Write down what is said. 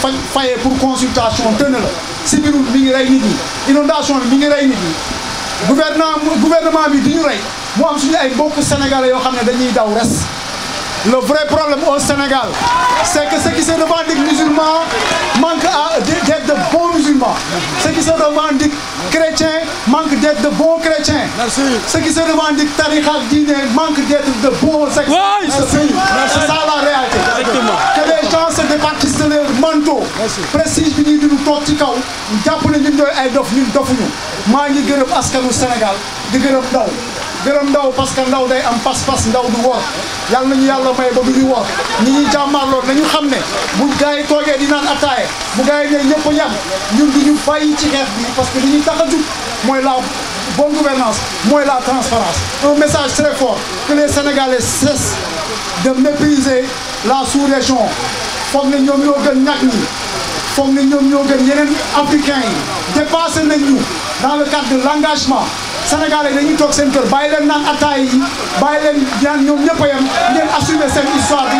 fay fayee pour consultation tënn la si biir mi ngi rey nit ñi inondation bi mi ngi rey nit ñi gouvernement gouvernement bi di ñu rey mu am suñu ay mbokk sénégalais yoo xam le vrai problème au Sénégal c'est que ceux qui se revendiquent musulmans manquent à d'être de bons musulmans ceux qui se revendiquent chrétiens manque d'être de bons chrétiens. Merci. Ceux qui se revendiquent tariqa dîner manquent d'être de bons experts. Oui, c'est la réalité. Exactement. Que les gens se départissent de leur manteau. prestige bi ñuy dund toog ci kaw jàpp ne ñun ñooy ay dof ñun dofuñu maa ngi gërëm askanu Sénégal di gërëm ndaw gërëm ndaw parce que ndaw day am pas-pas ndaw du wor yàlla nañu yàlla may ba du ñu wor ñi ñuy jàmmaarloon nañu xam ne bu gars yi di naan attaaye bu gars yi ne ñëpp a yem ñun du ñu bàyyi ci xeex bi parce que li ñuy tax a jug mooy la bonne gouvernance mooy la transparence un message très fort que les sénégalais cessent de mépriser la sous-région foog ne ñoom ñoo gën ñàkk ñi foog ne ñoom ñoo gën yeneen africain yi dépassé nañ ñu dans le cadre de l'engagement sénégalais dañuy toog seen kër bàyyi leen naan attaay yi bàyyi leen ñaan ñoom ñëpp a yem ngeen assumer seen histoire